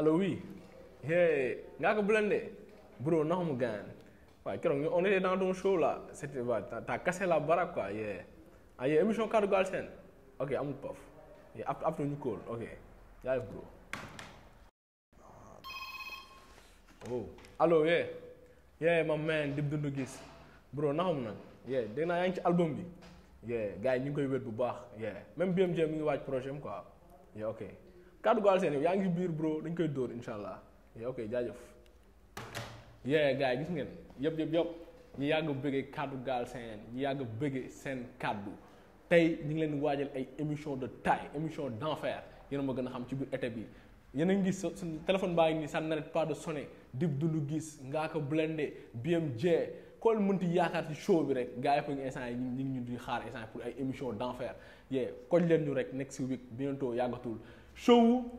allo wi hey ngaa ko blende bro nax mu gaan waaye keroog ñu on était dans ton show là c'était waaw ah, yaa nag yeah dégg ngi ci album bi yeah gars yi ñu koy wét bu baax yeah même BMJ mi ngi waaj projet am quoi ok kaddu gaal seen yaa ngi biir bro dañ koy dóor incha allah ok jaajëf yee gars yi gis ngeen yëpp yëpp yëpp ñu yàgg bëggee kàddu gaal seen ñu yàgg bëggee seen kàddu tey ñu ngi leen waajal ay émission de taille émission d'enfer yéen a ma gën a xam ci biir été bi yéen a ngi gis téléphone baa ngi nii ça n'arrête pas de sonner Dip Doundou Guiss Ngaaka Blindé BMJ kool mënti yaakaar ci show bi rek gars yi foog instant yi ñu ngi ñu di xaar instant pour ay émission d'enfer yee koñ leen ñu rek next week bientôt yàggatul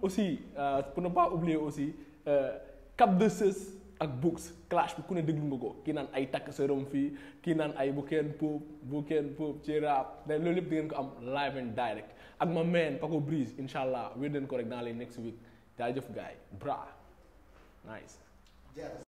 aussi euh, pour ne pas oublier aussi euh, cap de ak books clash bi ku ne ko kii naan ay takk serum fii kii naan ay bu kenn bu kenn pop ci rap da lépp di ko am live and direct ak ma man Paco incha allah wér ko rek dans les next week jaajëf gars yi bra nice